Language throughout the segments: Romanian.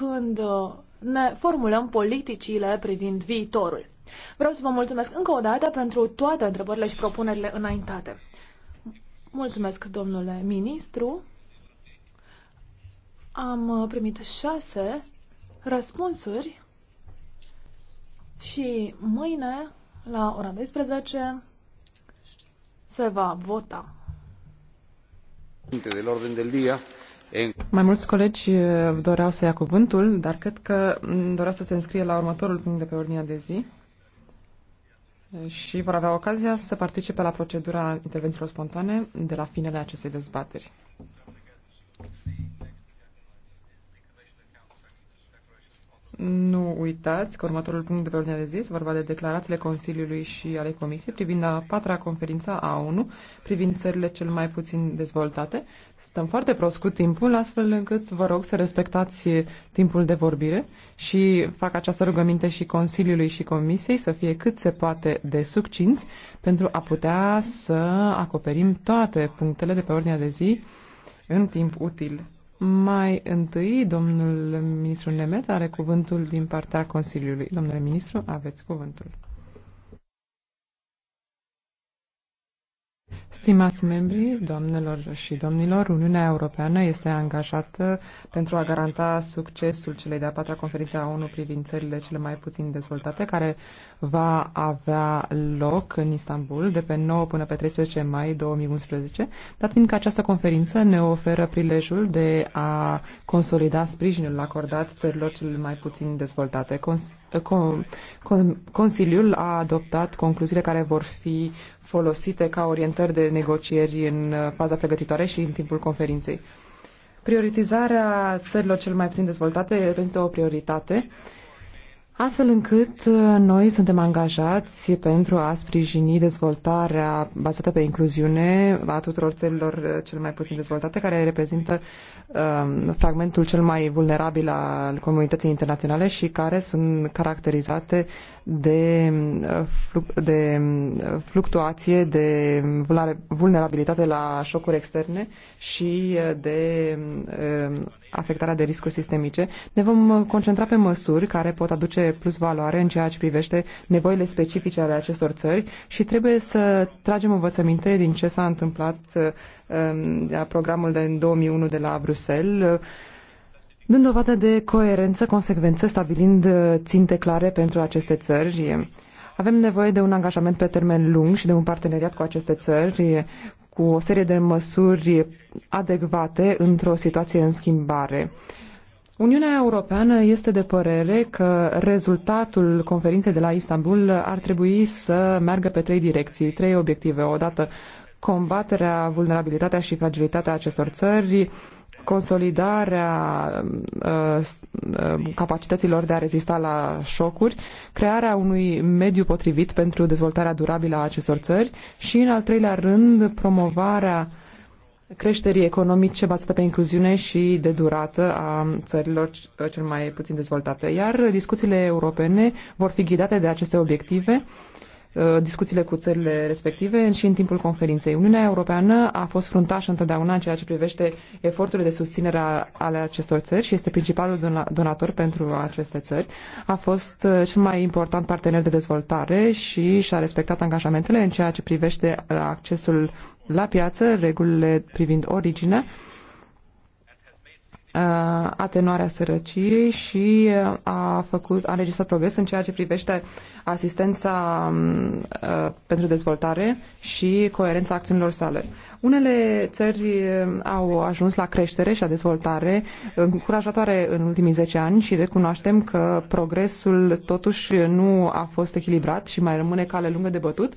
când uh, ne formulăm politicile privind viitorul. Vreau să vă mulțumesc încă o dată pentru toate întrebările și propunerile înaintate. Mulțumesc, domnule ministru. Am uh, primit șase răspunsuri și mâine, la ora 12, se va vota. ...del orden del día mai mulți colegi uh, doreau să ia cuvântul, dar cred că mm, doreau să se înscrie la următorul punct de pe ordinea de zi și vor avea ocazia să participe la procedura intervențiilor spontane de la finele acestei dezbateri. Nu uitați că următorul punct de pe ordinea de zi este vorba de declarațiile Consiliului și ale Comisiei privind a patra conferință a ONU privind țările cel mai puțin dezvoltate, Stăm foarte prost cu timpul, astfel încât vă rog să respectați timpul de vorbire și fac această rugăminte și Consiliului și Comisiei să fie cât se poate de succinți pentru a putea să acoperim toate punctele de pe ordinea de zi în timp util. Mai întâi, domnul ministru Nemet are cuvântul din partea Consiliului. Domnule ministru, aveți cuvântul. Stimați membri, doamnelor și domnilor, Uniunea Europeană este angajată pentru a garanta succesul celei de-a patra conferințe a ONU privind țările cele mai puțin dezvoltate, care va avea loc în Istanbul de pe 9 până pe 13 mai 2011, dat fiindcă această conferință ne oferă prilejul de a consolida sprijinul acordat țărilor cele mai puțin dezvoltate. Cons- Consiliul a adoptat concluziile care vor fi folosite ca orientări de negocieri în uh, faza pregătitoare și în timpul conferinței. Prioritizarea țărilor cel mai puțin dezvoltate reprezintă o prioritate astfel încât uh, noi suntem angajați pentru a sprijini dezvoltarea bazată pe incluziune a tuturor țărilor uh, cel mai puțin dezvoltate, care reprezintă uh, fragmentul cel mai vulnerabil al comunității internaționale și care sunt caracterizate de, de fluctuație, de vulnerabilitate la șocuri externe și de um, afectarea de riscuri sistemice. Ne vom concentra pe măsuri care pot aduce plus valoare în ceea ce privește nevoile specifice ale acestor țări și trebuie să tragem învățăminte din ce s-a întâmplat um, la programul din 2001 de la Bruxelles dând dovadă de coerență, consecvență, stabilind uh, ținte clare pentru aceste țări. Avem nevoie de un angajament pe termen lung și de un parteneriat cu aceste țări, cu o serie de măsuri adecvate într-o situație în schimbare. Uniunea Europeană este de părere că rezultatul conferinței de la Istanbul ar trebui să meargă pe trei direcții, trei obiective. Odată combaterea, vulnerabilitatea și fragilitatea acestor țări, consolidarea um, uh, capacităților de a rezista la șocuri, crearea unui mediu potrivit pentru dezvoltarea durabilă a acestor țări și, în al treilea rând, promovarea creșterii economice bazată pe incluziune și de durată a țărilor uh, cel mai puțin dezvoltate. Iar discuțiile europene vor fi ghidate de aceste obiective Uh, discuțiile cu țările respective și în timpul conferinței. Uniunea Europeană a fost fruntașă întotdeauna în ceea ce privește eforturile de susținere ale acestor țări și este principalul donator pentru aceste țări. A fost uh, cel mai important partener de dezvoltare și și-a respectat angajamentele în ceea ce privește uh, accesul la piață, regulile privind originea atenuarea sărăciei și a făcut, a înregistrat progres în ceea ce privește asistența pentru dezvoltare și coerența acțiunilor sale. Unele țări au ajuns la creștere și la dezvoltare încurajatoare în ultimii 10 ani și recunoaștem că progresul totuși nu a fost echilibrat și mai rămâne cale lungă de bătut,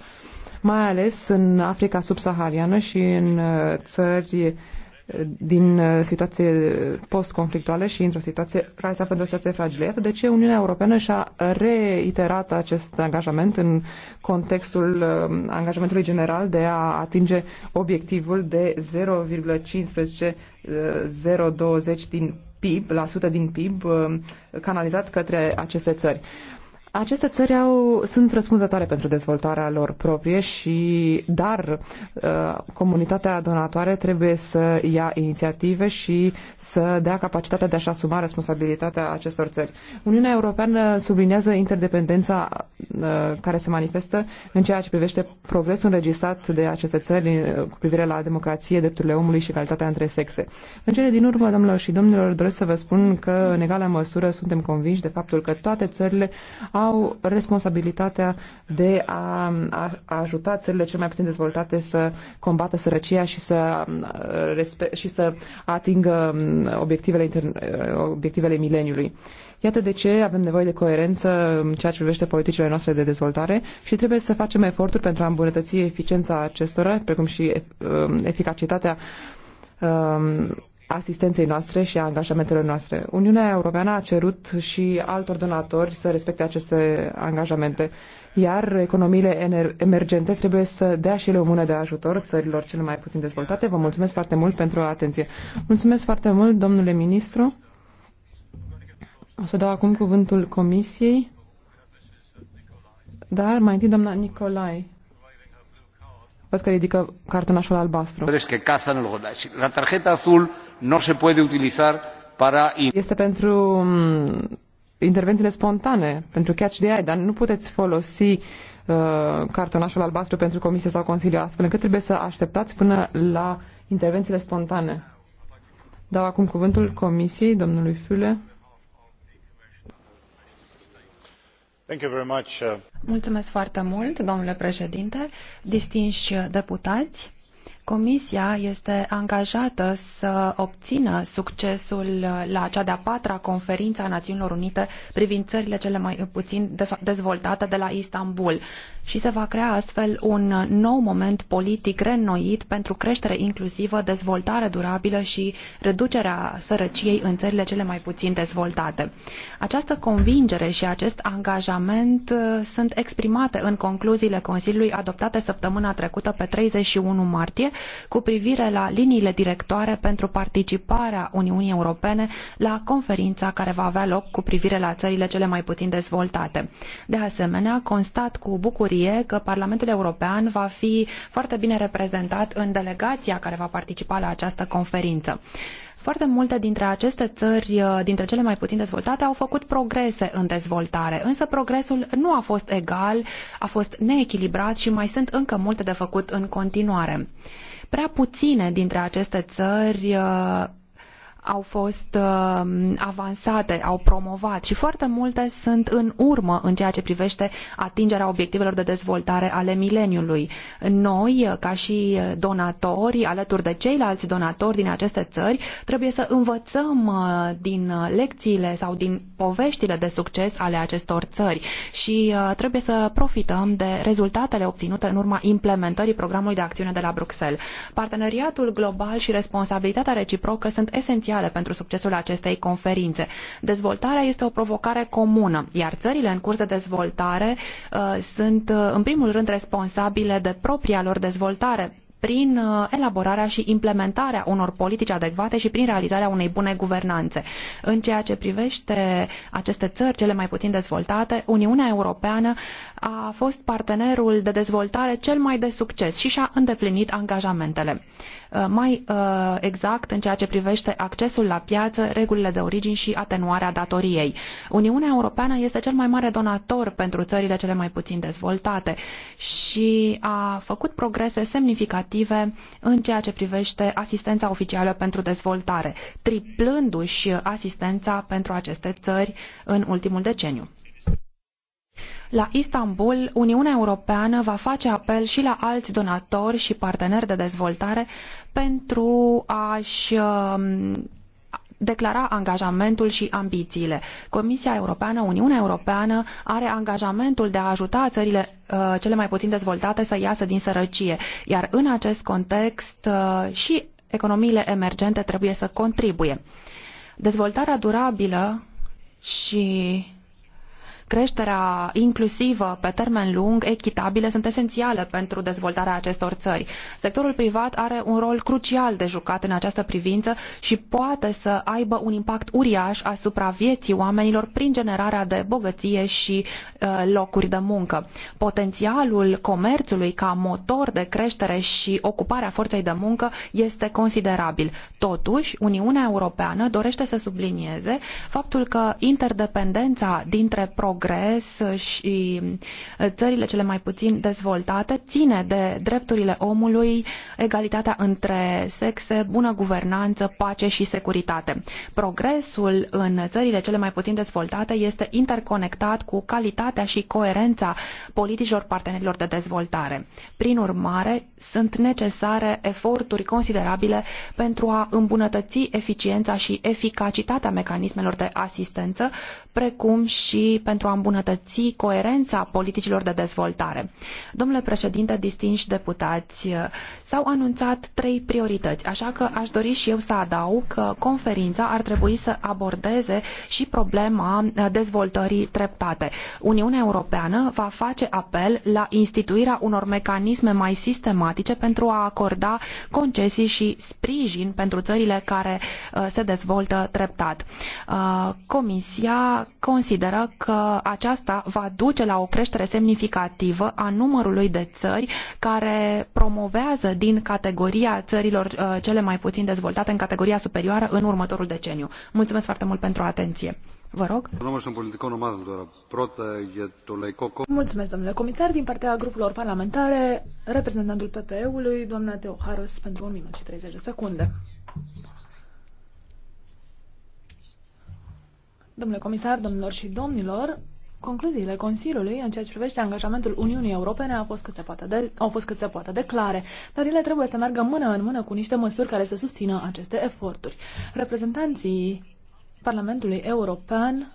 mai ales în Africa subsahariană și în uh, țări din uh, situație post-conflictuale și într-o situație care se află într-o situație fragilă. Iată de ce Uniunea Europeană și-a reiterat acest angajament în contextul uh, angajamentului general de a atinge obiectivul de 0,15-0,20 uh, din PIB, la sută din PIB, canalizat către aceste țări. Aceste țări au, sunt răspunzătoare pentru dezvoltarea lor proprie și, dar, uh, comunitatea donatoare trebuie să ia inițiative și să dea capacitatea de a-și asuma responsabilitatea acestor țări. Uniunea Europeană sublinează interdependența uh, care se manifestă în ceea ce privește progresul înregistrat de aceste țări uh, cu privire la democrație, drepturile omului și calitatea între sexe. În cele din urmă, domnilor și domnilor, doresc să vă spun că, în egală măsură, suntem convinși de faptul că toate țările au au responsabilitatea de a, a, a ajuta țările cel mai puțin dezvoltate să combată sărăcia și să, mm, respe- și să atingă mm, obiectivele, obiectivele mileniului. Iată de ce avem nevoie de coerență în ceea ce privește politicile noastre de dezvoltare și trebuie să facem eforturi pentru a îmbunătăți eficiența acestora, precum și mm, eficacitatea asistenței noastre și a angajamentelor noastre. Uniunea Europeană a cerut și altor donatori să respecte aceste angajamente, iar economiile emergente trebuie să dea și ele o mână de ajutor țărilor cele mai puțin dezvoltate. Vă mulțumesc foarte mult pentru atenție. Mulțumesc foarte mult, domnule ministru. O să dau acum cuvântul Comisiei, dar mai întâi doamna Nicolai. Văd că ridică cartonașul albastru. La tarjeta azul nu se poate utiliza para... Este pentru mm, intervențiile spontane, pentru catch the eye, dar nu puteți folosi uh, cartonașul albastru pentru comisie sau consiliu, astfel încât trebuie să așteptați până la intervențiile spontane. Dau acum cuvântul comisiei, domnului Fule. Uh, Mulțumesc foarte mult, domnule președinte, distinși deputați. Comisia este angajată să obțină succesul la cea de-a patra conferință a Națiunilor Unite privind țările cele mai puțin dezvoltate de la Istanbul și se va crea astfel un nou moment politic reînnoit pentru creștere inclusivă, dezvoltare durabilă și reducerea sărăciei în țările cele mai puțin dezvoltate. Această convingere și acest angajament uh, sunt exprimate în concluziile Consiliului adoptate săptămâna trecută pe 31 martie cu privire la liniile directoare pentru participarea Uniunii Europene la conferința care va avea loc cu privire la țările cele mai puțin dezvoltate. De asemenea, constat cu bucurie că Parlamentul European va fi foarte bine reprezentat în delegația care va participa la această conferință. Foarte multe dintre aceste țări, uh, dintre cele mai puțin dezvoltate, au făcut progrese în dezvoltare, însă progresul nu a fost egal, a fost neechilibrat și mai sunt încă multe de făcut în continuare. Prea puține dintre aceste țări uh, au fost uh, avansate, au promovat și foarte multe sunt în urmă în ceea ce privește atingerea obiectivelor de dezvoltare ale mileniului. Noi, ca și donatori, alături de ceilalți donatori din aceste țări, trebuie să învățăm uh, din lecțiile sau din poveștile de succes ale acestor țări și uh, trebuie să profităm de rezultatele obținute în urma implementării programului de acțiune de la Bruxelles. Parteneriatul global și responsabilitatea reciprocă sunt esențiale esențiale pentru succesul acestei conferințe. Dezvoltarea este o provocare comună, iar țările în curs de dezvoltare uh, sunt uh, în primul rând responsabile de propria lor dezvoltare prin uh, elaborarea și implementarea unor politici adecvate și prin realizarea unei bune guvernanțe. În ceea ce privește aceste țări cele mai puțin dezvoltate, Uniunea Europeană a fost partenerul de dezvoltare cel mai de succes și și-a îndeplinit angajamentele. Uh, mai uh, exact în ceea ce privește accesul la piață, regulile de origini și atenuarea datoriei. Uniunea Europeană este cel mai mare donator pentru țările cele mai puțin dezvoltate și a făcut progrese semnificative în ceea ce privește asistența oficială pentru dezvoltare, triplându-și asistența pentru aceste țări în ultimul deceniu. La Istanbul, Uniunea Europeană va face apel și la alți donatori și parteneri de dezvoltare pentru a-și um, declara angajamentul și ambițiile. Comisia Europeană, Uniunea Europeană are angajamentul de a ajuta țările uh, cele mai puțin dezvoltate să iasă din sărăcie, iar în acest context uh, și economiile emergente trebuie să contribuie. Dezvoltarea durabilă și creșterea inclusivă pe termen lung, echitabile, sunt esențiale pentru dezvoltarea acestor țări. Sectorul privat are un rol crucial de jucat în această privință și poate să aibă un impact uriaș asupra vieții oamenilor prin generarea de bogăție și uh, locuri de muncă. Potențialul comerțului ca motor de creștere și ocuparea forței de muncă este considerabil. Totuși, Uniunea Europeană dorește să sublinieze faptul că interdependența dintre programe progres și uh, țările cele mai puțin dezvoltate ține de drepturile omului, egalitatea între sexe, bună guvernanță, pace și securitate. Progresul în țările cele mai puțin dezvoltate este interconectat cu calitatea și coerența politicilor partenerilor de dezvoltare. Prin urmare, sunt necesare eforturi considerabile pentru a îmbunătăți eficiența și eficacitatea mecanismelor de asistență, precum și pentru a îmbunătăți coerența politicilor de dezvoltare. Domnule președinte, distinși deputați, s-au anunțat trei priorități, așa că aș dori și eu să adaug că conferința ar trebui să abordeze și problema dezvoltării treptate. Uniunea Europeană va face apel la instituirea unor mecanisme mai sistematice pentru a acorda concesii și sprijin pentru țările care uh, se dezvoltă treptat. Uh, Comisia consideră că aceasta va duce la o creștere semnificativă a numărului de țări care promovează din categoria țărilor uh, cele mai puțin dezvoltate în categoria superioară în următorul deceniu. Mulțumesc foarte mult pentru atenție. Vă rog. Mulțumesc, domnule comitar. Din partea grupurilor parlamentare, reprezentantul PPE-ului, doamna Teoharos, pentru 1 minut și 30 de secunde. Domnule comisar, domnilor și domnilor, concluziile Consiliului în ceea ce privește angajamentul Uniunii Europene au fost cât se poate de, au fost cât se poate de clare, dar ele trebuie să meargă mână în mână cu niște măsuri care să susțină aceste eforturi. Reprezentanții Parlamentului European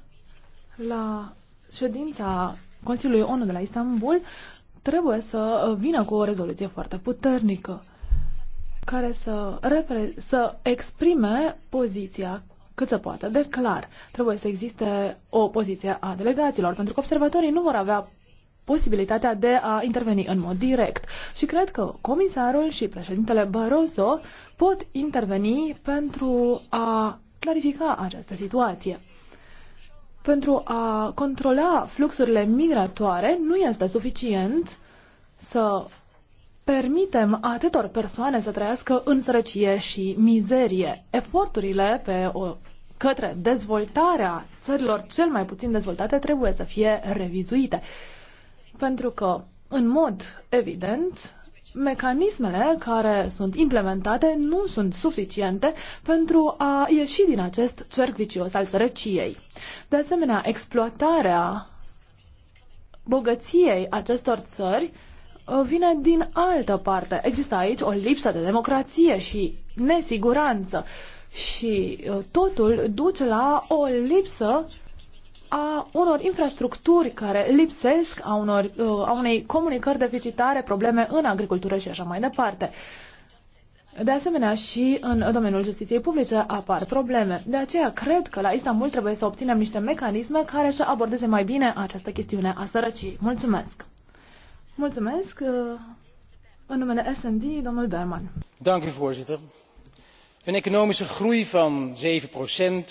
la ședința Consiliului ONU de la Istanbul trebuie să vină cu o rezoluție foarte puternică care să, repre- să exprime poziția cât se poate de clar. Trebuie să existe o poziție a delegaților, pentru că observatorii nu vor avea posibilitatea de a interveni în mod direct. Și cred că comisarul și președintele Barroso pot interveni pentru a clarifica această situație. Pentru a controla fluxurile migratoare nu este suficient să permitem atâtor persoane să trăiască în sărăcie și mizerie. Eforturile pe o către dezvoltarea țărilor cel mai puțin dezvoltate trebuie să fie revizuite. Pentru că, în mod evident, mecanismele care sunt implementate nu sunt suficiente pentru a ieși din acest cerc vicios al sărăciei. De asemenea, exploatarea bogăției acestor țări Uh, vine din altă parte. Există aici o lipsă de democrație și nesiguranță și uh, totul duce la o lipsă a unor infrastructuri care lipsesc, a, unor, uh, a unei comunicări deficitare, probleme în agricultură și așa mai departe. De asemenea, și în domeniul justiției publice apar probleme. De aceea, cred că la Istanbul trebuie să obținem niște mecanisme care să abordeze mai bine această chestiune a sărăcii. Mulțumesc! Mulțumesc. În numele SND, domnul Berman. Dank u, voorzitter. Een economische groei van 7%.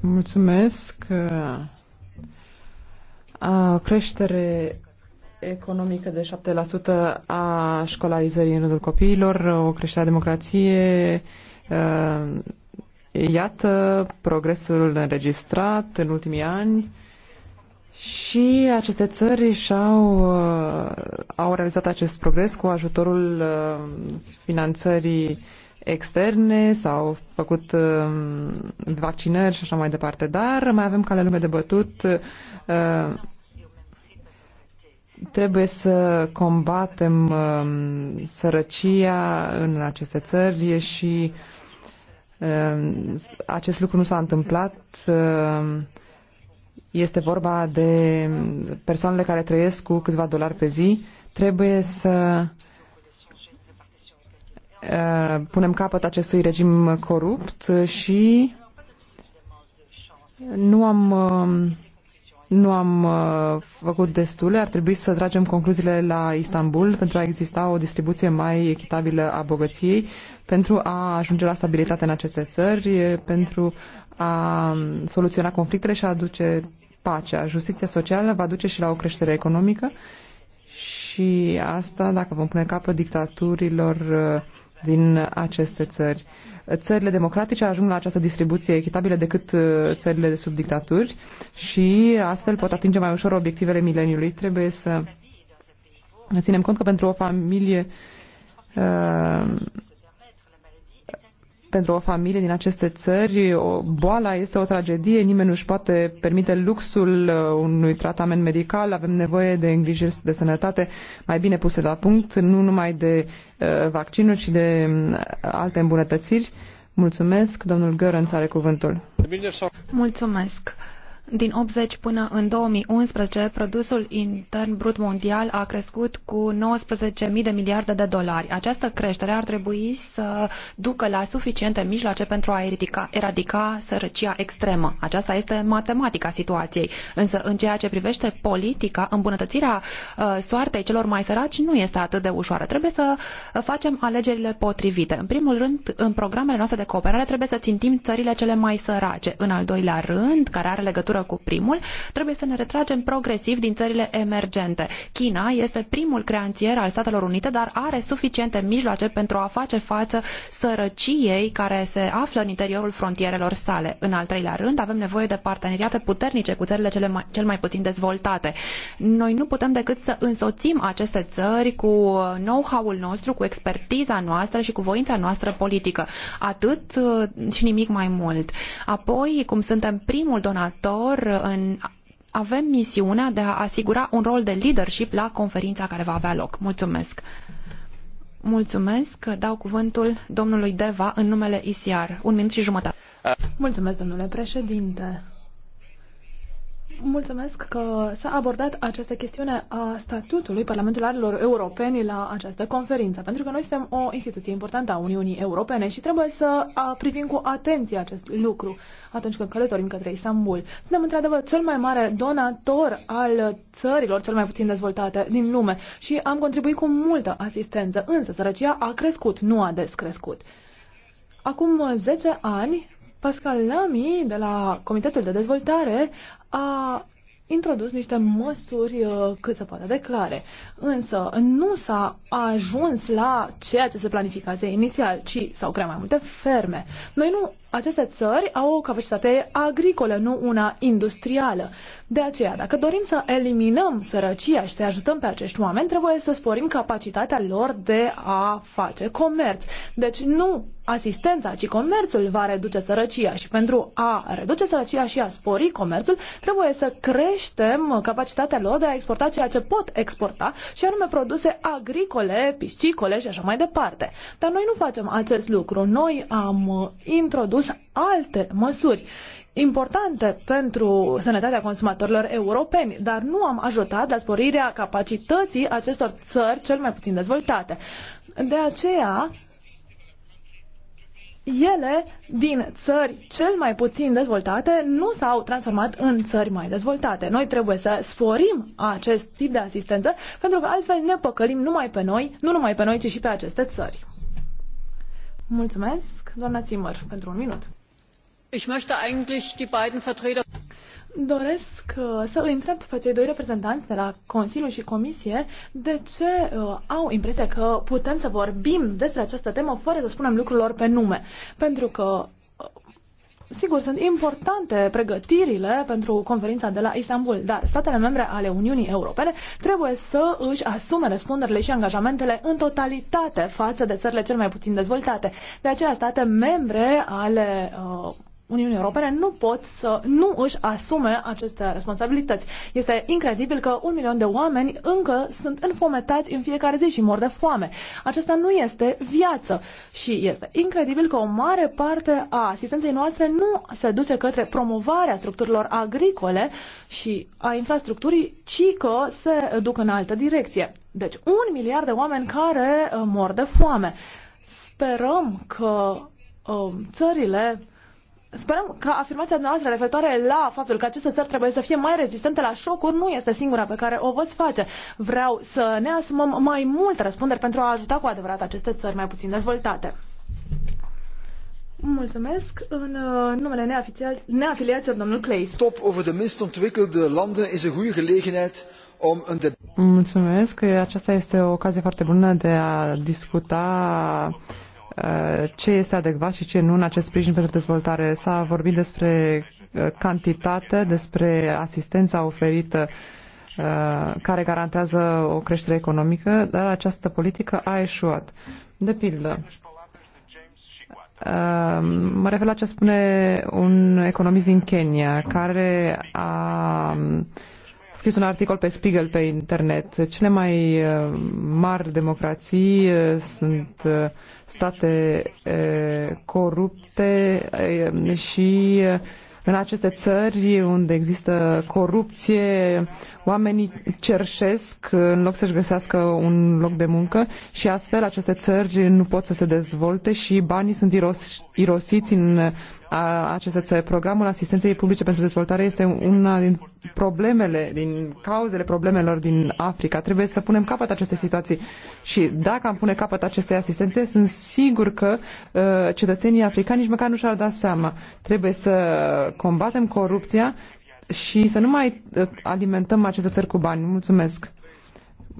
Mulțumesc. A creștere economică de 7% a școlarizării în rândul copiilor, o creștere a democrației, Iată progresul înregistrat în ultimii ani și aceste țări și-au uh, au realizat acest progres cu ajutorul uh, finanțării externe, s-au făcut uh, vaccinări și așa mai departe, dar mai avem cale lume de bătut. Trebuie să combatem sărăcia în aceste țări și acest lucru nu s-a întâmplat este vorba de persoanele care trăiesc cu câțiva dolari pe zi, trebuie să uh, punem capăt acestui regim corupt și nu am, um, nu am uh, făcut destule. Ar trebui să tragem concluziile la Istanbul pentru a exista o distribuție mai echitabilă a bogăției, pentru a ajunge la stabilitate în aceste țări, pentru a soluționa conflictele și a aduce pacea. Justiția socială va duce și la o creștere economică și asta dacă vom pune capăt dictaturilor uh, din aceste țări. Țările democratice ajung la această distribuție echitabilă decât uh, țările de sub dictaturi și astfel pot atinge mai ușor obiectivele mileniului. Trebuie să ținem cont că pentru o familie uh, pentru o familie din aceste țări. O, boala este o tragedie, nimeni nu-și poate permite luxul uh, unui tratament medical, avem nevoie de îngrijiri de sănătate mai bine puse la punct, nu numai de uh, vaccinuri, ci de uh, alte îmbunătățiri. Mulțumesc, domnul Gărânț are cuvântul. Mulțumesc. Din 80 până în 2011, produsul intern brut mondial a crescut cu 19.000 de miliarde de dolari. Această creștere ar trebui să ducă la suficiente mijloace pentru a eradica, eradica sărăcia extremă. Aceasta este matematica situației. Însă, în ceea ce privește politica, îmbunătățirea uh, soartei celor mai săraci nu este atât de ușoară. Trebuie să uh, facem alegerile potrivite. În primul rând, în programele noastre de cooperare trebuie să țintim țările cele mai sărace. În al doilea rând, care are legătură legătură cu primul, trebuie să ne retragem progresiv din țările emergente. China este primul creanțier al Statelor Unite, dar are suficiente mijloace pentru a face față sărăciei care se află în interiorul frontierelor sale. În al treilea rând, avem nevoie de parteneriate puternice cu țările cele mai, cel mai puțin dezvoltate. Noi nu putem decât să însoțim aceste țări cu know-how-ul nostru, cu expertiza noastră și cu voința noastră politică. Atât uh, și nimic mai mult. Apoi, cum suntem primul donator, viitor în avem misiunea de a asigura un rol de leadership la conferința care va avea loc. Mulțumesc! Mulțumesc! Dau cuvântul domnului Deva în numele ICR. Un minut și jumătate. Mulțumesc, domnule președinte! Mulțumesc că s-a abordat această chestiune a statutului parlamentarilor europeni la această conferință, pentru că noi suntem o instituție importantă a Uniunii Europene și trebuie să privim cu atenție acest lucru atunci când călătorim către Istanbul. Suntem într-adevăr cel mai mare donator al țărilor cel mai puțin dezvoltate din lume și am contribuit cu multă asistență, însă sărăcia a crescut, nu a descrescut. Acum 10 ani, Pascal Lamy de la Comitetul de Dezvoltare a introdus niște măsuri uh, cât se poate de clare. Însă nu s-a ajuns la ceea ce se planificase inițial, ci s-au creat mai multe ferme. Noi nu aceste țări au o capacitate agricolă, nu una industrială. De aceea, dacă dorim să eliminăm sărăcia și să ajutăm pe acești oameni, trebuie să sporim capacitatea lor de a face comerț. Deci nu asistența, ci comerțul va reduce sărăcia și pentru a reduce sărăcia și a spori comerțul, trebuie să creștem capacitatea lor de a exporta ceea ce pot exporta și anume produse agricole, piscicole și așa mai departe. Dar noi nu facem acest lucru. Noi am introdus introduși alte măsuri importante pentru sănătatea consumatorilor europeni, dar nu am ajutat la sporirea capacității acestor țări cel mai puțin dezvoltate. De aceea, ele din țări cel mai puțin dezvoltate nu s-au transformat în țări mai dezvoltate. Noi trebuie să sporim acest tip de asistență pentru că altfel ne păcălim numai pe noi, nu numai pe noi, ci și pe aceste țări. Mulțumesc, doamna Zimmer, pentru un minut. Ich möchte eigentlich die beiden Vertreter Doresc uh, să îi întreb pe cei doi reprezentanți de la Consiliu și Comisie de ce uh, au impresia că putem să vorbim despre această temă fără să spunem lucrurilor pe nume. Pentru că Sigur, sunt importante pregătirile pentru conferința de la Istanbul, dar statele membre ale Uniunii Europene trebuie să își asume răspunderile și angajamentele în totalitate față de țările cel mai puțin dezvoltate. De aceea, state membre ale uh, Uniunii Europene nu pot să nu își asume aceste responsabilități. Este incredibil că un milion de oameni încă sunt înfometați în fiecare zi și mor de foame. Acesta nu este viață și este incredibil că o mare parte a asistenței noastre nu se duce către promovarea structurilor agricole și a infrastructurii, ci că se duc în altă direcție. Deci un miliard de oameni care uh, mor de foame. Sperăm că uh, țările Sperăm că afirmația noastră referitoare la faptul că aceste țări trebuie să fie mai rezistente la șocuri nu este singura pe care o veți face. Vreau să ne asumăm mai multe răspunderi pentru a ajuta cu adevărat aceste țări mai puțin dezvoltate. Mulțumesc. În uh, numele neafiliaților, domnul Clay. Top over de minst ontwikkelde landen is een goede gelegenheid om een debat. Mulțumesc. Aceasta este o ocazie foarte bună de a discuta Uh, ce este adecvat și ce nu în acest sprijin pentru dezvoltare. S-a vorbit despre uh, cantitate, despre asistența oferită uh, care garantează o creștere economică, dar această politică a eșuat. De pildă, mă refer la ce spune un economist din Kenya, care a scris un articol pe Spiegel pe internet. Cele mai uh, mari democrații uh, sunt uh, state corupte și în aceste țări unde există corupție, oamenii cerșesc în loc să-și găsească un loc de muncă și astfel aceste țări nu pot să se dezvolte și banii sunt iros- irosiți în ACSC. Programul asistenței publice pentru dezvoltare este una din problemele, din cauzele problemelor din Africa. Trebuie să punem capăt acestei situații și dacă am pune capăt acestei asistențe, sunt sigur că uh, cetățenii africani nici măcar nu și-ar da seama. Trebuie să combatem corupția și să nu mai uh, alimentăm aceste țări cu bani. Mulțumesc.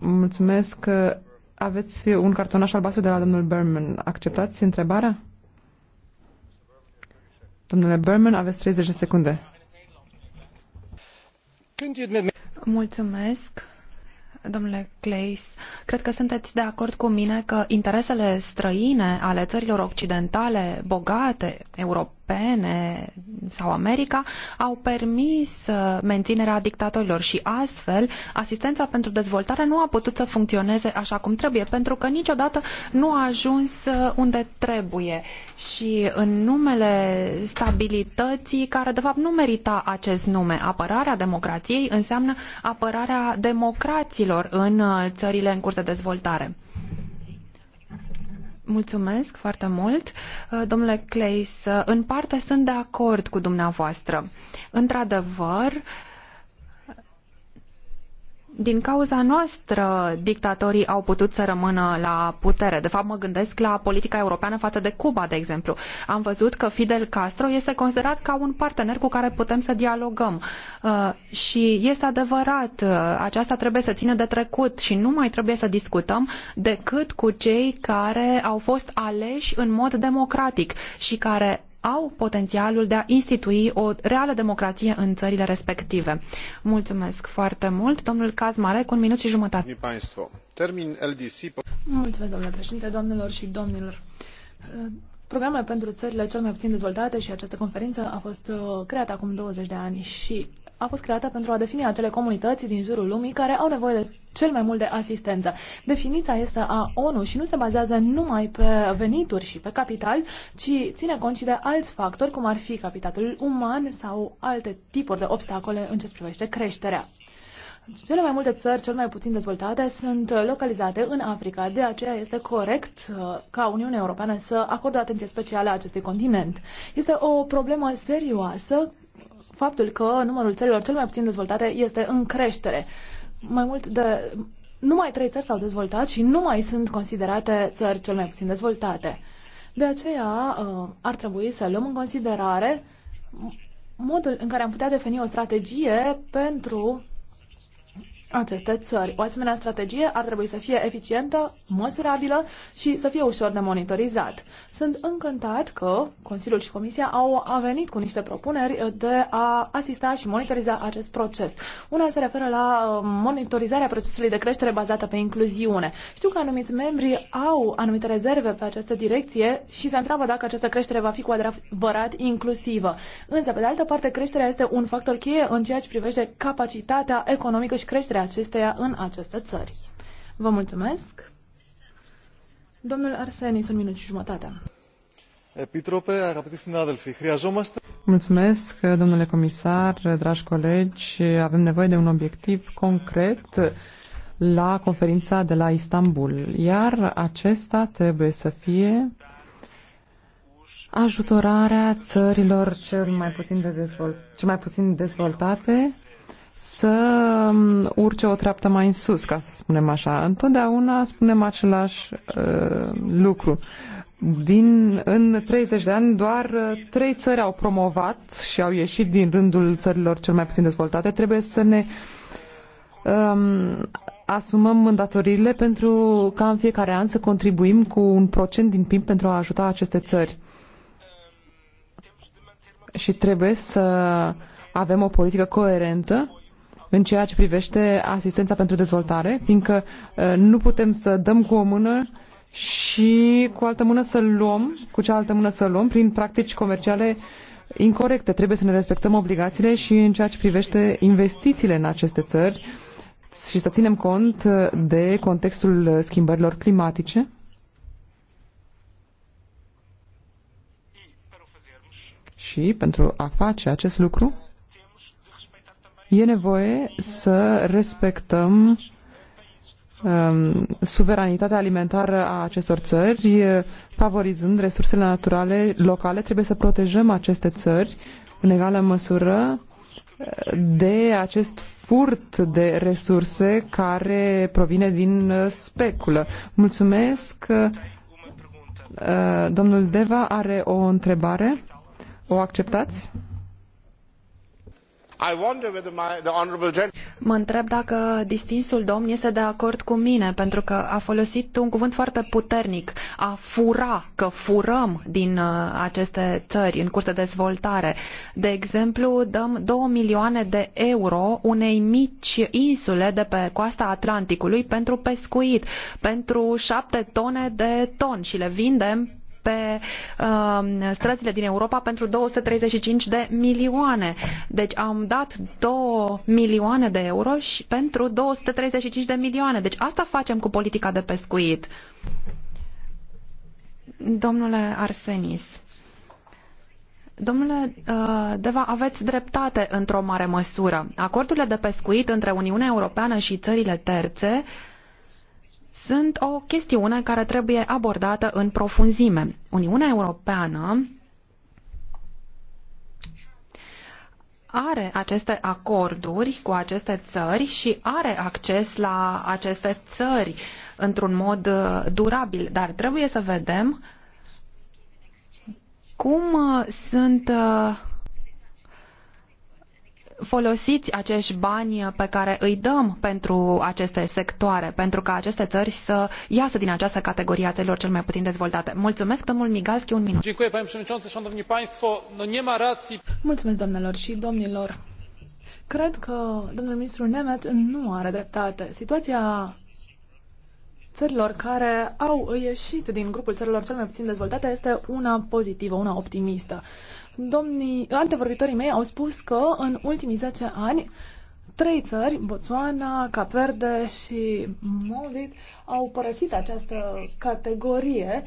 Mulțumesc că aveți un cartonaș albastru de la domnul Berman. Acceptați întrebarea? Domnule Berman, aveți 30 de secunde. Mulțumesc. Domnule Clays, cred că sunteți de acord cu mine că interesele străine ale țărilor occidentale, bogate, europene, Europene sau America au permis uh, menținerea dictatorilor și astfel asistența pentru dezvoltare nu a putut să funcționeze așa cum trebuie pentru că niciodată nu a ajuns uh, unde trebuie și în numele stabilității care de fapt nu merita acest nume. Apărarea democrației înseamnă apărarea democraților în uh, țările în curs de dezvoltare. Mulțumesc foarte mult. Uh, domnule Clays, uh, în parte sunt de acord cu dumneavoastră. Într-adevăr, din cauza noastră dictatorii au putut să rămână la putere. De fapt, mă gândesc la politica europeană față de Cuba, de exemplu. Am văzut că Fidel Castro este considerat ca un partener cu care putem să dialogăm. Uh, și este adevărat, uh, aceasta trebuie să țină de trecut și nu mai trebuie să discutăm decât cu cei care au fost aleși în mod democratic și care au potențialul de a institui o reală democrație în țările respective. Mulțumesc foarte mult. Domnul Cazmarec, un minut și jumătate. Mulțumesc, domnule președinte, doamnelor și domnilor programe pentru țările cel mai puțin dezvoltate și această conferință a fost uh, creată acum 20 de ani și a fost creată pentru a defini acele comunități din jurul lumii care au nevoie de cel mai mult de asistență. Definiția este a ONU și nu se bazează numai pe venituri și pe capital, ci ține cont și de alți factori, cum ar fi capitalul uman sau alte tipuri de obstacole în ce privește creșterea. Cele mai multe țări, cel mai puțin dezvoltate, sunt uh, localizate în Africa. De aceea este corect uh, ca Uniunea Europeană să acorde atenție specială acestui continent. Este o problemă serioasă faptul că numărul țărilor cel mai puțin dezvoltate este în creștere. Mai mult de numai trei țări s-au dezvoltat și nu mai sunt considerate țări cel mai puțin dezvoltate. De aceea uh, ar trebui să luăm în considerare modul în care am putea defini o strategie pentru aceste țări. O asemenea strategie ar trebui să fie eficientă, măsurabilă și să fie ușor de monitorizat. Sunt încântat că Consiliul și Comisia au a venit cu niște propuneri de a asista și monitoriza acest proces. Una se referă la uh, monitorizarea procesului de creștere bazată pe incluziune. Știu că anumiți membri au anumite rezerve pe această direcție și se întreabă dacă această creștere va fi cu adevărat inclusivă. Însă, pe de altă parte, creșterea este un factor cheie în ceea ce privește capacitatea economică și creșterea aplicarea acesteia în aceste țări. Vă mulțumesc. Domnul Arsenis, un minut și jumătate. Επίτροπε, αγαπητοί συνάδελφοι, hriazomaste... Mulțumesc, domnule comisar, dragi colegi. Avem nevoie de un obiectiv concret la conferința de la Istanbul, iar acesta trebuie să fie ajutorarea țărilor cel mai puțin, de dezvol- cel mai puțin dezvoltate să um, urce o treaptă mai în sus, ca să spunem așa. Întotdeauna spunem același uh, lucru. Din, în 30 de ani, doar uh, trei țări au promovat și au ieșit din rândul țărilor cel mai puțin dezvoltate. Trebuie să ne um, asumăm mandatorile pentru ca în fiecare an să contribuim cu un procent din PIB pentru a ajuta aceste țări. Și trebuie să avem o politică coerentă în ceea ce privește asistența pentru dezvoltare, fiindcă uh, nu putem să dăm cu o mână și cu altă mână să luăm, cu cealaltă mână să luăm, prin practici comerciale incorrecte. Trebuie să ne respectăm obligațiile și în ceea ce privește investițiile în aceste țări și să ținem cont de contextul schimbărilor climatice. Și pentru a face acest lucru, E nevoie să respectăm um, suveranitatea alimentară a acestor țări, favorizând resursele naturale locale. Trebuie să protejăm aceste țări în egală măsură uh, de acest furt de resurse care provine din uh, speculă. Mulțumesc. Uh, domnul Deva are o întrebare. O acceptați? Mă întreb dacă distinsul domn este de acord cu mine, pentru că a folosit un cuvânt foarte puternic, a fura, că furăm din uh, aceste țări în curs de dezvoltare. De exemplu, dăm 2 milioane de euro unei mici insule de pe coasta Atlanticului pentru pescuit, pentru 7 tone de ton și le vindem pe uh, străzile din Europa pentru 235 de milioane. Deci am dat 2 milioane de euro și pentru 235 de milioane. Deci asta facem cu politica de pescuit. Domnule Arsenis, Domnule uh, Deva, aveți dreptate într-o mare măsură. Acordurile de pescuit între Uniunea Europeană și țările terțe uh, sunt o chestiune care trebuie abordată în profunzime. Uniunea Europeană are aceste acorduri cu aceste țări și are acces la aceste țări într-un mod uh, durabil, dar trebuie să vedem cum uh, sunt uh, folosiți acești bani pe care îi dăm pentru aceste sectoare, pentru ca aceste țări să iasă din această categorie a țărilor cel mai puțin dezvoltate. Mulțumesc, domnul Migalski, un minut. Mulțumesc, domnilor și domnilor. Cred că domnul ministru Nemet nu are dreptate. Situația țărilor care au ieșit din grupul țărilor cel mai puțin dezvoltate este una pozitivă, una optimistă. Domnii, antevorbitorii mei au spus că în ultimii 10 ani trei țări, Botswana, Capverde și Moldit, au părăsit această categorie,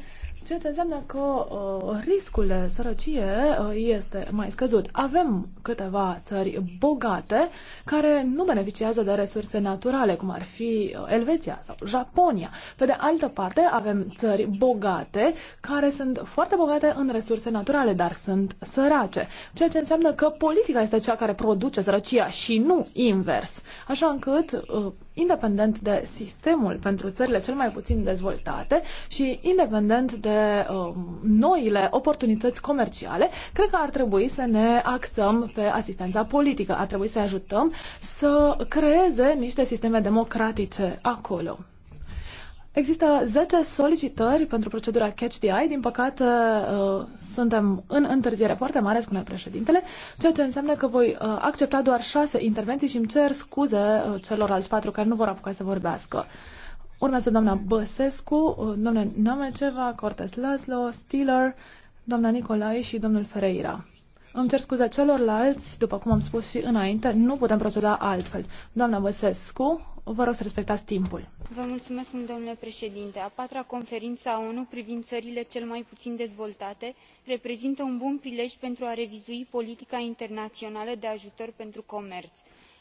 ceea ce înseamnă că uh, riscul de sărăcie uh, este mai scăzut. Avem câteva țări bogate care nu beneficiază de resurse naturale, cum ar fi uh, Elveția sau Japonia. Pe de altă parte, avem țări bogate care sunt foarte bogate în resurse naturale, dar sunt sărace, ceea ce înseamnă că politica este cea care produce sărăcia și nu invers. Așa încât, uh, independent de sistemul pentru țările țările cel mai puțin dezvoltate și independent de uh, noile oportunități comerciale, cred că ar trebui să ne axăm pe asistența politică. Ar trebui să ajutăm să creeze niște sisteme democratice acolo. Există 10 solicitări pentru procedura Catch the Eye. Din păcate, uh, suntem în întârziere foarte mare, spune președintele, ceea ce înseamnă că voi uh, accepta doar 6 intervenții și îmi cer scuze uh, celorlalți patru care nu vor apuca să vorbească. Urmează doamna Băsescu, uh, doamna Nameceva, Cortes Laszlo, Stiller, doamna Nicolae și domnul Ferreira. Îmi cer scuze celorlalți, după cum am spus și înainte, nu putem proceda altfel. Doamna Băsescu, vă rog să respectați timpul. Vă mulțumesc, domnule președinte. A patra conferință a ONU privind țările cel mai puțin dezvoltate reprezintă un bun prilej pentru a revizui politica internațională de ajutor pentru comerț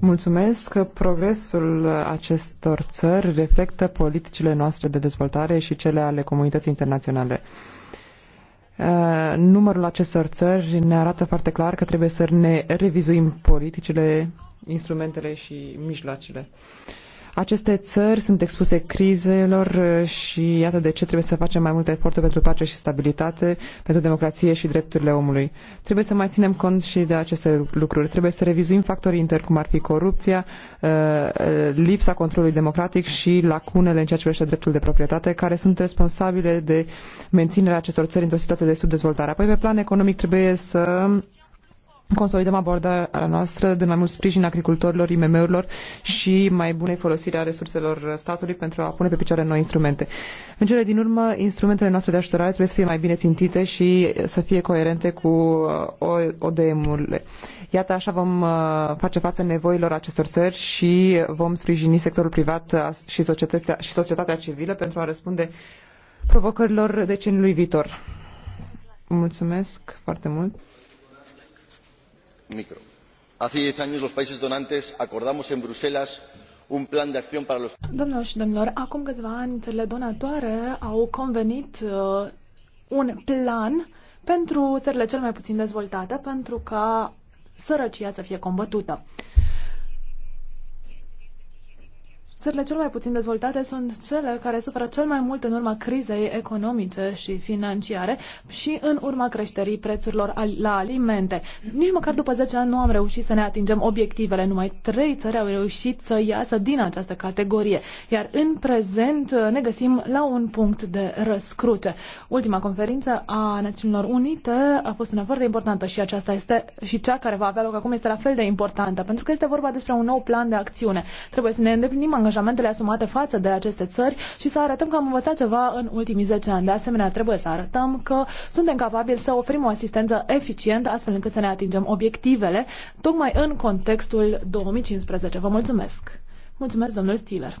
Mulțumesc progresul acestor țări reflectă politicile noastre de dezvoltare și cele ale comunității internaționale. Uh, numărul acestor țări ne arată foarte clar că trebuie să ne revizuim politicile, instrumentele și mijloacele. Aceste țări sunt expuse crizelor uh, și iată de ce trebuie să facem mai multe eforturi pentru pace și stabilitate, pentru democrație și drepturile omului. Trebuie să mai ținem cont și de aceste lucruri. Trebuie să revizuim factorii interi, cum ar fi corupția, uh, uh, lipsa controlului democratic și lacunele în ceea ce privește dreptul de proprietate, care sunt responsabile de menținerea acestor țări într-o situație de subdezvoltare. Apoi, pe plan economic, trebuie să consolidăm abordarea noastră de mai mult sprijin agricultorilor, IMM-urilor și mai bune folosire a resurselor statului pentru a pune pe picioare noi instrumente. În cele din urmă, instrumentele noastre de ajutorare trebuie să fie mai bine țintite și să fie coerente cu uh, ODM-urile. Iată, așa vom uh, face față nevoilor acestor țări și vom sprijini sectorul privat uh, și societatea, și societatea civilă pentru a răspunde provocărilor deceniului viitor. Mulțumesc foarte mult! Micro. Hace diez años los países donantes acordamos en Bruselas un plan de acción para los... Domnilor și domnilor, acum câțiva ani țările donatoare au convenit uh, un plan pentru țările cel mai puțin dezvoltate pentru ca sărăcia să fie combătută. Uh, Țările cel mai puțin dezvoltate sunt cele care suferă cel mai mult în urma crizei economice și financiare și în urma creșterii prețurilor la alimente. Nici măcar după 10 ani nu am reușit să ne atingem obiectivele. Numai trei țări au reușit să iasă din această categorie, iar în prezent uh, ne găsim la un punct de răscruce. Ultima conferință a Națiunilor Unite a fost una foarte importantă și aceasta este și cea care va avea loc acum este la fel de importantă, pentru că este vorba despre un nou plan de acțiune. Trebuie să ne îndeplinim angajamentul angajamentele asumate față de aceste țări și să arătăm că am învățat ceva în ultimii 10 ani. De asemenea, trebuie să arătăm că suntem capabili să oferim o asistență eficientă astfel încât să ne atingem obiectivele, tocmai în contextul 2015. Vă mulțumesc! Mulțumesc, domnul Stiller!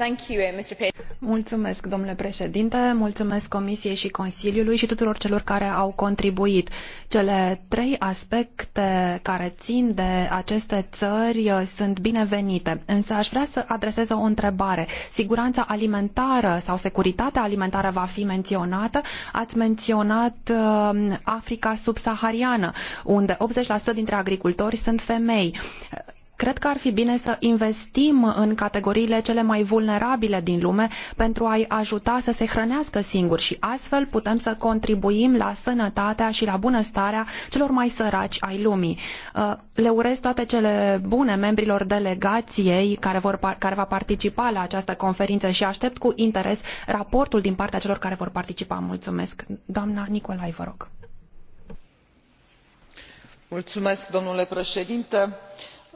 Eh, mulțumesc, domnule președinte, mulțumesc Comisiei și Consiliului și tuturor celor care au contribuit. Cele trei aspecte care țin de aceste țări eh, sunt binevenite, însă aș vrea să adresez o întrebare. Siguranța alimentară sau securitatea alimentară va fi menționată. Ați menționat eh, Africa subsahariană, unde 80% dintre agricultori sunt femei. Cred că ar fi bine să investim în categoriile cele mai vulnerabile din lume pentru a-i ajuta să se hrănească singuri și astfel putem să contribuim la sănătatea și la bunăstarea celor mai săraci ai lumii. Uh, le urez toate cele bune membrilor delegației care, vor, care va participa la această conferință și aștept cu interes raportul din partea celor care vor participa. Mulțumesc. Doamna Nicolai, vă rog. Mulțumesc, domnule președinte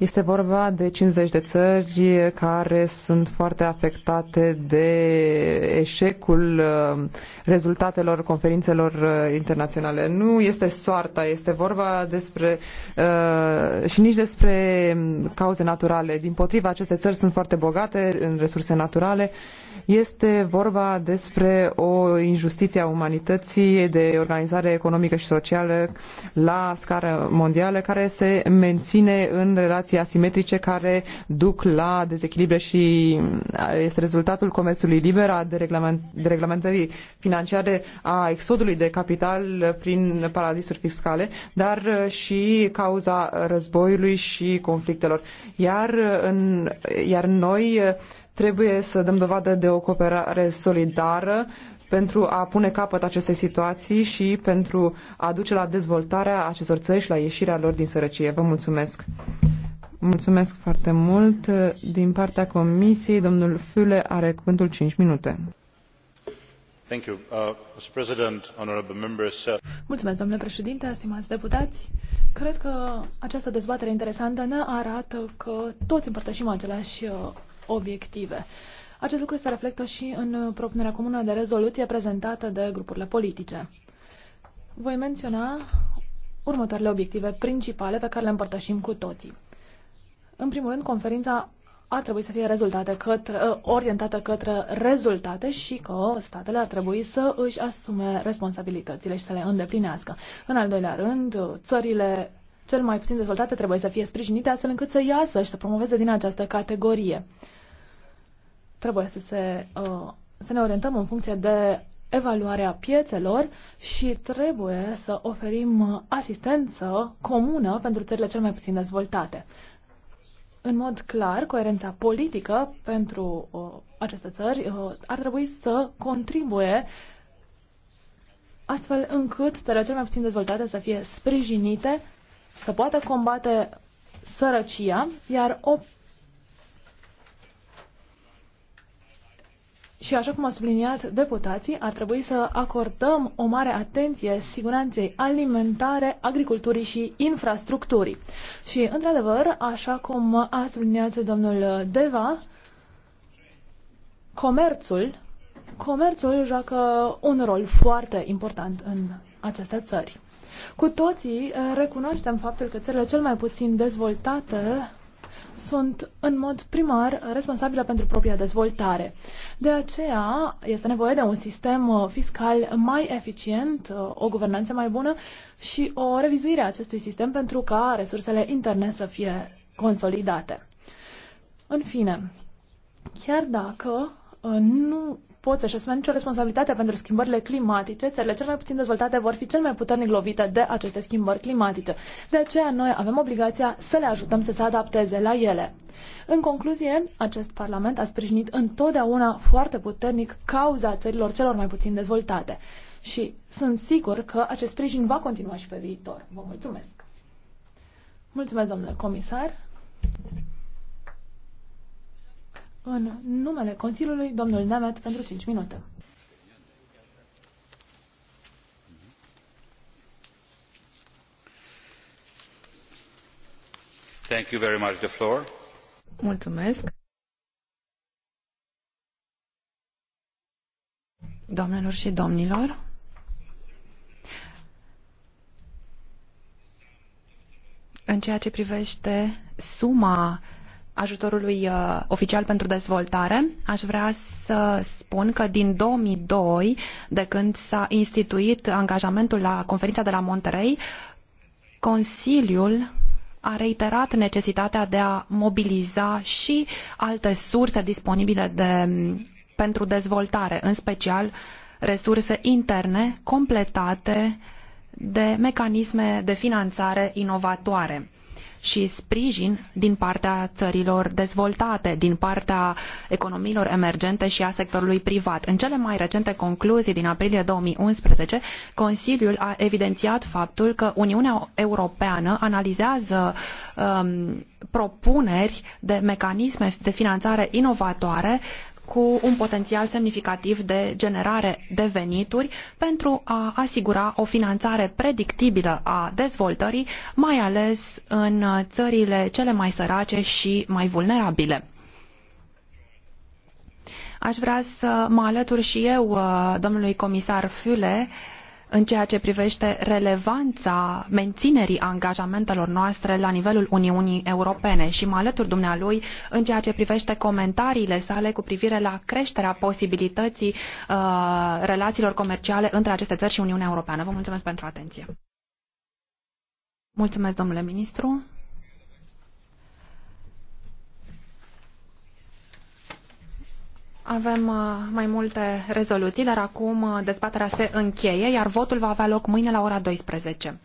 Este vorba de 50 de țări care sunt foarte afectate de eșecul uh, rezultatelor conferințelor uh, internaționale. Nu este soarta, este vorba despre uh, și nici despre um, cauze naturale. Din potriva, aceste țări sunt foarte bogate în resurse naturale. Este vorba despre o injustiție a umanității de organizare economică și socială la scară mondială care se menține în relație relații asimetrice care duc la dezechilibre și este rezultatul comerțului liber, a dereglementării financiare, a exodului de capital prin paradisuri fiscale, dar și cauza războiului și conflictelor. Iar, în, iar noi trebuie să dăm dovadă de o cooperare solidară pentru a pune capăt acestei situații și pentru a duce la dezvoltarea acestor țări și la ieșirea lor din sărăcie. Vă mulțumesc! Mulțumesc foarte mult. Din partea Comisiei, domnul Füle are cuvântul 5 minute. Thank you. Uh, Mr. President, honorable members, uh... Mulțumesc, domnule președinte, stimați deputați. Cred că această dezbatere interesantă ne arată că toți împărtășim aceleași uh, obiective. Acest lucru se reflectă și în propunerea comună de rezoluție prezentată de grupurile politice. Voi menționa următoarele obiective principale pe care le împărtășim cu toții. În primul rând, conferința a trebuit să fie rezultate către, ă, orientată către rezultate și că statele ar trebui să își asume responsabilitățile și să le îndeplinească. În al doilea rând, țările cel mai puțin dezvoltate trebuie să fie sprijinite astfel încât să iasă și să promoveze din această categorie. Trebuie să, se, ă, să ne orientăm în funcție de evaluarea piețelor și trebuie să oferim asistență comună pentru țările cel mai puțin dezvoltate în mod clar, coerența politică pentru uh, aceste țări uh, ar trebui să contribuie astfel încât țările cele mai puțin dezvoltate să fie sprijinite, să poată combate sărăcia, iar o Și așa cum au subliniat deputații, ar trebui să acordăm o mare atenție siguranței alimentare, agriculturii și infrastructurii. Și, într-adevăr, așa cum a subliniat domnul Deva, comerțul, comerțul joacă un rol foarte important în aceste țări. Cu toții recunoaștem faptul că țările cel mai puțin dezvoltate sunt în mod primar responsabile pentru propria dezvoltare. De aceea este nevoie de un sistem uh, fiscal mai eficient, uh, o guvernanță mai bună și o revizuire a acestui sistem pentru ca resursele interne să fie consolidate. În fine, chiar dacă uh, nu poți să-și asume nicio responsabilitate pentru schimbările climatice, țările cel mai puțin dezvoltate vor fi cel mai puternic lovite de aceste schimbări climatice. De aceea noi avem obligația să le ajutăm să se adapteze la ele. În concluzie, acest Parlament a sprijinit întotdeauna foarte puternic cauza țărilor celor mai puțin dezvoltate și sunt sigur că acest sprijin va continua și pe viitor. Vă mulțumesc! Mulțumesc, domnule comisar! În numele Consiliului, domnul Nemet, pentru 5 minute. Thank you very much. The floor. Mulțumesc. Doamnelor și domnilor, în ceea ce privește suma ajutorului uh, oficial pentru dezvoltare, aș vrea să spun că din 2002, de când s-a instituit angajamentul la conferința de la Monterey, Consiliul a reiterat necesitatea de a mobiliza și alte surse disponibile de, pentru dezvoltare, în special resurse interne completate de mecanisme de finanțare inovatoare și sprijin din partea țărilor dezvoltate, din partea economiilor emergente și a sectorului privat. În cele mai recente concluzii din aprilie 2011, Consiliul a evidențiat faptul că Uniunea Europeană analizează um, propuneri de mecanisme de finanțare inovatoare cu un potențial semnificativ de generare de venituri pentru a asigura o finanțare predictibilă a dezvoltării, mai ales în țările cele mai sărace și mai vulnerabile. Aș vrea să mă alătur și eu uh, domnului comisar Füle în ceea ce privește relevanța menținerii angajamentelor noastre la nivelul Uniunii Europene și mă alătur dumnealui în ceea ce privește comentariile sale cu privire la creșterea posibilității uh, relațiilor comerciale între aceste țări și Uniunea Europeană. Vă mulțumesc pentru atenție. Mulțumesc, domnule ministru. Avem uh, mai multe rezoluții, dar acum uh, dezbaterea se încheie, iar votul va avea loc mâine la ora 12.